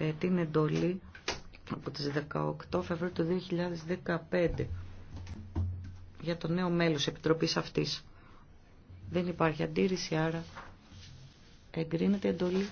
Ε, την εντολή από τις 18 Φεβρουαρίου του 2015 για το νέο μέλος επιτροπής αυτής. Δεν υπάρχει αντίρρηση, άρα εγκρίνεται εντολή